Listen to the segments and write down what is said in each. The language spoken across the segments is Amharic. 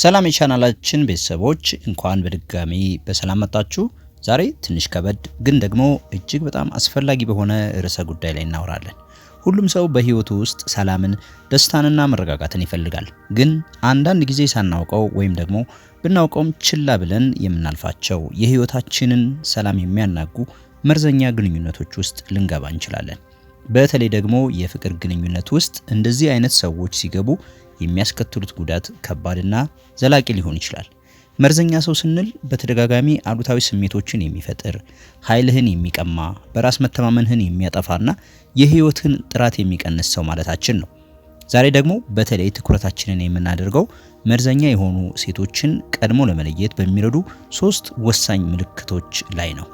ሰላም የቻናላችን ቤተሰቦች እንኳን በድጋሚ በሰላም መጣችሁ። ዛሬ ትንሽ ከበድ ግን ደግሞ እጅግ በጣም አስፈላጊ በሆነ ርዕሰ ጉዳይ ላይ እናወራለን። ሁሉም ሰው በህይወቱ ውስጥ ሰላምን፣ ደስታንና መረጋጋትን ይፈልጋል። ግን አንዳንድ ጊዜ ሳናውቀው ወይም ደግሞ ብናውቀውም ችላ ብለን የምናልፋቸው የህይወታችንን ሰላም የሚያናጉ መርዘኛ ግንኙነቶች ውስጥ ልንገባ እንችላለን። በተለይ ደግሞ የፍቅር ግንኙነት ውስጥ እንደዚህ አይነት ሰዎች ሲገቡ የሚያስከትሉት ጉዳት ከባድና ዘላቂ ሊሆን ይችላል። መርዘኛ ሰው ስንል በተደጋጋሚ አሉታዊ ስሜቶችን የሚፈጥር ኃይልህን የሚቀማ በራስ መተማመንህን የሚያጠፋና የህይወትህን ጥራት የሚቀንስ ሰው ማለታችን ነው። ዛሬ ደግሞ በተለይ ትኩረታችንን የምናደርገው መርዘኛ የሆኑ ሴቶችን ቀድሞ ለመለየት በሚረዱ ሶስት ወሳኝ ምልክቶች ላይ ነው።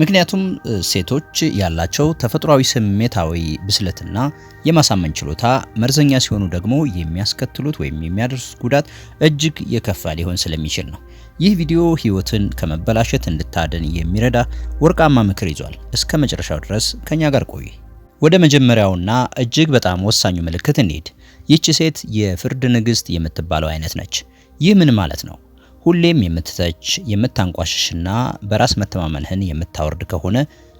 ምክንያቱም ሴቶች ያላቸው ተፈጥሯዊ ስሜታዊ ብስለትና የማሳመን ችሎታ መርዘኛ ሲሆኑ ደግሞ የሚያስከትሉት ወይም የሚያደርሱት ጉዳት እጅግ የከፋ ሊሆን ስለሚችል ነው። ይህ ቪዲዮ ህይወትን ከመበላሸት እንድታደን የሚረዳ ወርቃማ ምክር ይዟል። እስከ መጨረሻው ድረስ ከኛ ጋር ቆይ። ወደ መጀመሪያውና እጅግ በጣም ወሳኙ ምልክት እንሄድ። ይህች ሴት የፍርድ ንግስት የምትባለው አይነት ነች። ይህ ምን ማለት ነው? ሁሌም የምትተች የምታንቋሽሽና በራስ መተማመንህን የምታወርድ ከሆነ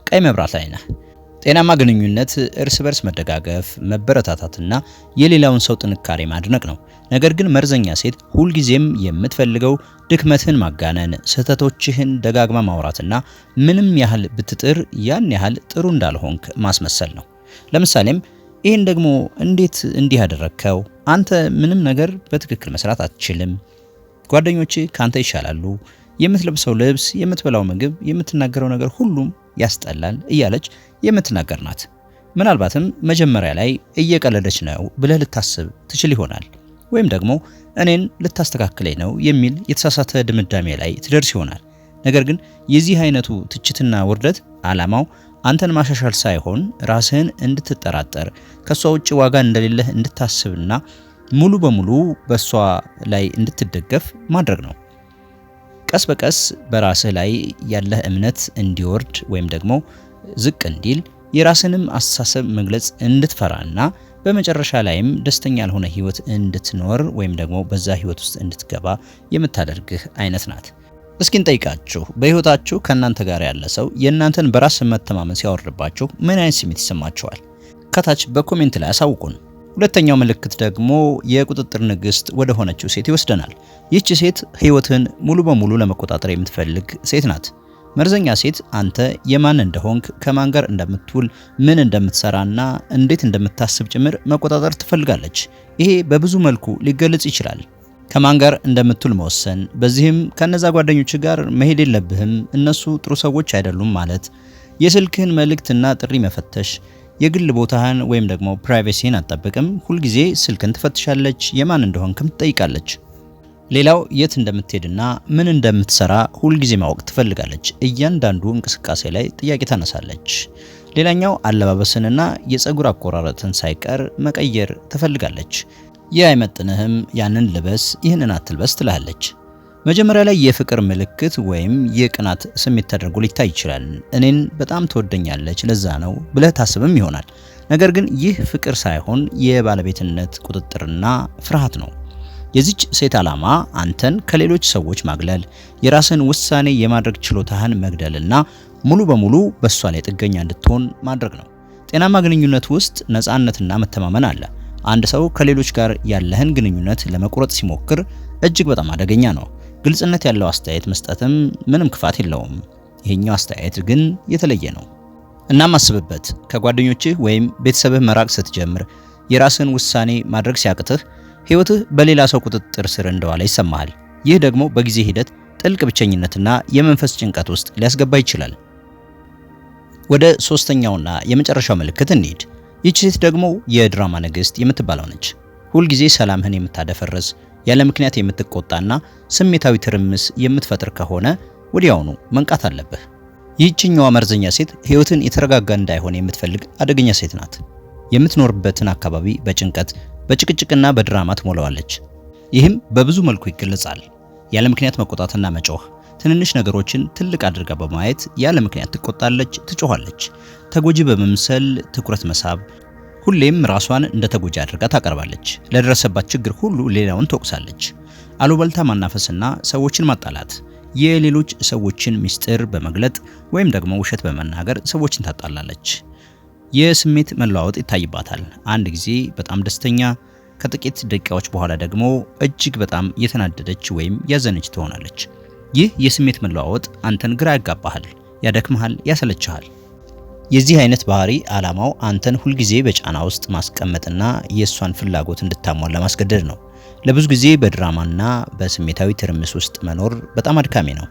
ቀይ መብራት ላይ ነህ። ጤናማ ግንኙነት እርስ በርስ መደጋገፍ፣ መበረታታትና የሌላውን ሰው ጥንካሬ ማድነቅ ነው። ነገር ግን መርዘኛ ሴት ሁልጊዜም የምትፈልገው ድክመትህን ማጋነን፣ ስህተቶችህን ደጋግማ ማውራትና ምንም ያህል ብትጥር ያን ያህል ጥሩ እንዳልሆንክ ማስመሰል ነው። ለምሳሌም ይህን ደግሞ እንዴት እንዲህ አደረግከው፣ አንተ ምንም ነገር በትክክል መስራት አትችልም ጓደኞቼ ካንተ ይሻላሉ፣ የምትለብሰው ልብስ፣ የምትበላው ምግብ፣ የምትናገረው ነገር ሁሉም ያስጠላል እያለች የምትናገር ናት። ምናልባትም መጀመሪያ ላይ እየቀለደች ነው ብለህ ልታስብ ትችል ይሆናል። ወይም ደግሞ እኔን ልታስተካክለኝ ነው የሚል የተሳሳተ ድምዳሜ ላይ ትደርስ ይሆናል። ነገር ግን የዚህ አይነቱ ትችትና ውርደት ዓላማው አንተን ማሻሻል ሳይሆን ራስህን እንድትጠራጠር ከሷ ውጭ ዋጋ እንደሌለህ እንድታስብና ሙሉ በሙሉ በእሷ ላይ እንድትደገፍ ማድረግ ነው። ቀስ በቀስ በራስህ ላይ ያለህ እምነት እንዲወርድ ወይም ደግሞ ዝቅ እንዲል የራስንም አስተሳሰብ መግለጽ እንድትፈራና በመጨረሻ ላይም ደስተኛ ያልሆነ ህይወት እንድትኖር ወይም ደግሞ በዛ ህይወት ውስጥ እንድትገባ የምታደርግህ አይነት ናት። እስኪ እንጠይቃችሁ፣ በህይወታችሁ ከእናንተ ጋር ያለ ሰው የእናንተን በራስ መተማመን ሲያወርድባችሁ ምን አይነት ስሜት ይሰማችኋል? ከታች በኮሜንት ላይ አሳውቁን። ሁለተኛው ምልክት ደግሞ የቁጥጥር ንግስት ወደ ሆነችው ሴት ይወስደናል። ይህች ሴት ህይወትን ሙሉ በሙሉ ለመቆጣጠር የምትፈልግ ሴት ናት። መርዘኛ ሴት አንተ የማን እንደሆንክ፣ ከማን ጋር እንደምትውል፣ ምን እንደምትሰራና እንዴት እንደምታስብ ጭምር መቆጣጠር ትፈልጋለች። ይሄ በብዙ መልኩ ሊገለጽ ይችላል። ከማን ጋር እንደምትውል መወሰን፣ በዚህም ከነዛ ጓደኞች ጋር መሄድ የለብህም፣ እነሱ ጥሩ ሰዎች አይደሉም ማለት፣ የስልክህን መልእክትና ጥሪ መፈተሽ፣ የግል ቦታህን ወይም ደግሞ ፕራይቬሲን አትጠብቅም። ሁልጊዜ ስልክን ትፈትሻለች፣ የማን እንደሆንክም ትጠይቃለች። ሌላው የት እንደምትሄድና ምን እንደምትሰራ ሁልጊዜ ማወቅ ትፈልጋለች። እያንዳንዱ እንቅስቃሴ ላይ ጥያቄ ታነሳለች። ሌላኛው አለባበስንና የፀጉር አቆራረጥን ሳይቀር መቀየር ትፈልጋለች። ይህ አይመጥንህም፣ ያንን ልበስ፣ ይህንን አትልበስ ትላለች?። መጀመሪያ ላይ የፍቅር ምልክት ወይም የቅናት ስሜት ተደርጎ ሊታይ ይችላል። እኔን በጣም ትወደኛለች ለዛ ነው ብለህ ታስብም ይሆናል። ነገር ግን ይህ ፍቅር ሳይሆን የባለቤትነት ቁጥጥርና ፍርሃት ነው። የዚች ሴት ዓላማ አንተን ከሌሎች ሰዎች ማግለል፣ የራስን ውሳኔ የማድረግ ችሎታህን መግደልና ሙሉ በሙሉ በእሷ ላይ ጥገኛ እንድትሆን ማድረግ ነው። ጤናማ ግንኙነት ውስጥ ነፃነትና መተማመን አለ። አንድ ሰው ከሌሎች ጋር ያለህን ግንኙነት ለመቁረጥ ሲሞክር እጅግ በጣም አደገኛ ነው። ግልጽነት ያለው አስተያየት መስጠትም ምንም ክፋት የለውም። ይሄኛው አስተያየት ግን የተለየ ነው። እናም አስብበት። ከጓደኞችህ ወይም ቤተሰብህ መራቅ ስትጀምር፣ የራስህን ውሳኔ ማድረግ ሲያቅትህ፣ ህይወትህ በሌላ ሰው ቁጥጥር ስር እንደዋለ ይሰማሃል። ይህ ደግሞ በጊዜ ሂደት ጥልቅ ብቸኝነትና የመንፈስ ጭንቀት ውስጥ ሊያስገባ ይችላል። ወደ ሶስተኛውና የመጨረሻው ምልክት እንሂድ። ይህች ሴት ደግሞ የድራማ ንግሥት የምትባለው ነች። ሁልጊዜ ሰላምህን የምታደፈርስ ያለ ምክንያት የምትቆጣና ስሜታዊ ትርምስ የምትፈጥር ከሆነ ወዲያውኑ መንቃት አለብህ። ይህችኛዋ መርዘኛ ሴት ህይወትን የተረጋጋ እንዳይሆን የምትፈልግ አደገኛ ሴት ናት። የምትኖርበትን አካባቢ በጭንቀት በጭቅጭቅና በድራማ ትሞላዋለች። ይህም በብዙ መልኩ ይገለጻል። ያለ ምክንያት መቆጣትና መጮህ፣ ትንንሽ ነገሮችን ትልቅ አድርጋ በማየት ያለ ምክንያት ትቆጣለች፣ ትጮኋለች። ተጎጂ በመምሰል ትኩረት መሳብ ሁሌም ራሷን እንደ ተጎጂ አድርጋ ታቀርባለች። ለደረሰባት ችግር ሁሉ ሌላውን ትወቅሳለች። አሉባልታ ማናፈስና ሰዎችን ማጣላት፣ የሌሎች ሰዎችን ምስጢር በመግለጥ ወይም ደግሞ ውሸት በመናገር ሰዎችን ታጣላለች። የስሜት መለዋወጥ ይታይባታል። አንድ ጊዜ በጣም ደስተኛ፣ ከጥቂት ደቂቃዎች በኋላ ደግሞ እጅግ በጣም የተናደደች ወይም ያዘነች ትሆናለች። ይህ የስሜት መለዋወጥ አንተን ግራ ያጋባሃል፣ ያደክመሃል፣ ያሰለችሃል። የዚህ አይነት ባህሪ ዓላማው አንተን ሁልጊዜ በጫና ውስጥ ማስቀመጥና የእሷን ፍላጎት እንድታሟላ ማስገደድ ነው። ለብዙ ጊዜ በድራማና በስሜታዊ ትርምስ ውስጥ መኖር በጣም አድካሚ ነው።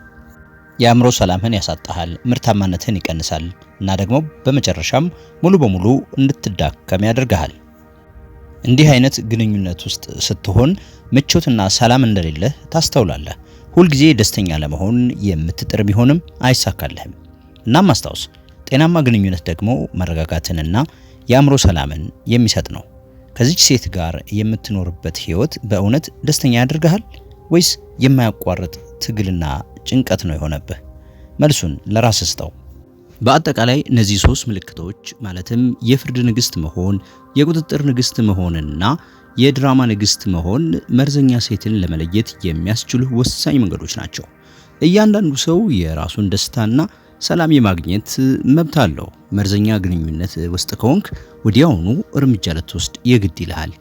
የአእምሮ ሰላምህን ያሳጣሃል፣ ምርታማነትህን ይቀንሳል እና ደግሞ በመጨረሻም ሙሉ በሙሉ እንድትዳከም ያደርግሃል። እንዲህ አይነት ግንኙነት ውስጥ ስትሆን ምቾትና ሰላም እንደሌለህ ታስተውላለህ። ሁልጊዜ ደስተኛ ለመሆን የምትጥር ቢሆንም አይሳካልህም። እናም አስታውስ ጤናማ ግንኙነት ደግሞ መረጋጋትንና የአእምሮ ሰላምን የሚሰጥ ነው። ከዚች ሴት ጋር የምትኖርበት ህይወት በእውነት ደስተኛ ያደርግሃል ወይስ የማያቋርጥ ትግልና ጭንቀት ነው የሆነብህ? መልሱን ለራስ ስጠው። በአጠቃላይ እነዚህ ሶስት ምልክቶች ማለትም የፍርድ ንግስት መሆን፣ የቁጥጥር ንግስት መሆንና የድራማ ንግስት መሆን መርዘኛ ሴትን ለመለየት የሚያስችሉ ወሳኝ መንገዶች ናቸው። እያንዳንዱ ሰው የራሱን ደስታና ሰላም የማግኘት መብት አለው። መርዘኛ ግንኙነት ውስጥ ከሆንክ ወዲያውኑ እርምጃ ልትወስድ የግድ ይልሃል።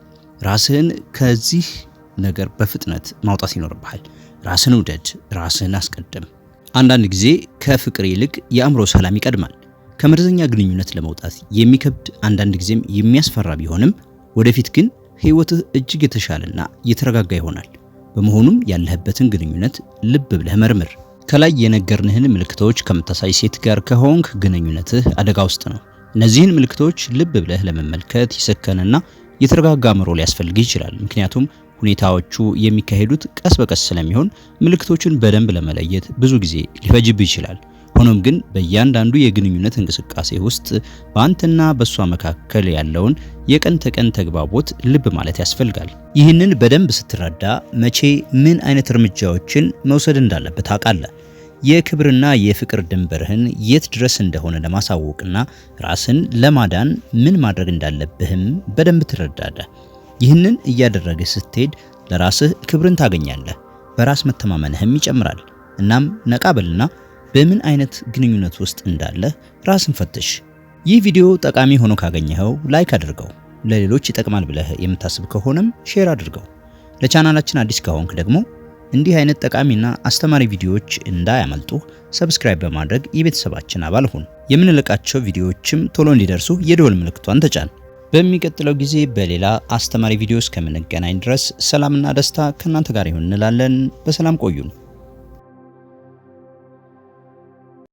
ራስህን ከዚህ ነገር በፍጥነት ማውጣት ይኖርብሃል። ራስን ውደድ፣ ራስህን አስቀድም። አንዳንድ ጊዜ ከፍቅር ይልቅ የአእምሮ ሰላም ይቀድማል። ከመርዘኛ ግንኙነት ለመውጣት የሚከብድ አንዳንድ ጊዜም የሚያስፈራ ቢሆንም ወደፊት ግን ህይወትህ እጅግ የተሻለና የተረጋጋ ይሆናል። በመሆኑም ያለህበትን ግንኙነት ልብ ብለህ መርምር። ከላይ የነገርንህን ምልክቶች ከምታሳይ ሴት ጋር ከሆንክ ግንኙነትህ አደጋ ውስጥ ነው። እነዚህን ምልክቶች ልብ ብለህ ለመመልከት የሰከነና የተረጋጋ አእምሮ ሊያስፈልግ ይችላል። ምክንያቱም ሁኔታዎቹ የሚካሄዱት ቀስ በቀስ ስለሚሆን ምልክቶቹን በደንብ ለመለየት ብዙ ጊዜ ሊፈጅብ ይችላል። ሆኖም ግን በእያንዳንዱ የግንኙነት እንቅስቃሴ ውስጥ በአንተና በእሷ መካከል ያለውን የቀን ተቀን ተግባቦት ልብ ማለት ያስፈልጋል። ይህንን በደንብ ስትረዳ መቼ ምን አይነት እርምጃዎችን መውሰድ እንዳለበት ታውቃለህ። የክብርና የፍቅር ድንበርህን የት ድረስ እንደሆነ ለማሳወቅና ራስን ለማዳን ምን ማድረግ እንዳለብህም በደንብ ትረዳለህ። ይህንን እያደረግህ ስትሄድ ለራስህ ክብርን ታገኛለህ፣ በራስ መተማመንህም ይጨምራል። እናም ነቃ በልና በምን አይነት ግንኙነት ውስጥ እንዳለህ ራስን ፈትሽ። ይህ ቪዲዮ ጠቃሚ ሆኖ ካገኘኸው ላይክ አድርገው፣ ለሌሎች ይጠቅማል ብለህ የምታስብ ከሆነም ሼር አድርገው። ለቻናላችን አዲስ ከሆንክ ደግሞ እንዲህ አይነት ጠቃሚና አስተማሪ ቪዲዮዎች እንዳያመልጡ ሰብስክራይብ በማድረግ የቤተሰባችን አባል ሁን። የምንለቃቸው ቪዲዮዎችም ቶሎ እንዲደርሱ የደወል ምልክቷን ተጫን። በሚቀጥለው ጊዜ በሌላ አስተማሪ ቪዲዮ እስከምንገናኝ ድረስ ሰላምና ደስታ ከእናንተ ጋር ይሁን እንላለን። በሰላም ቆዩን።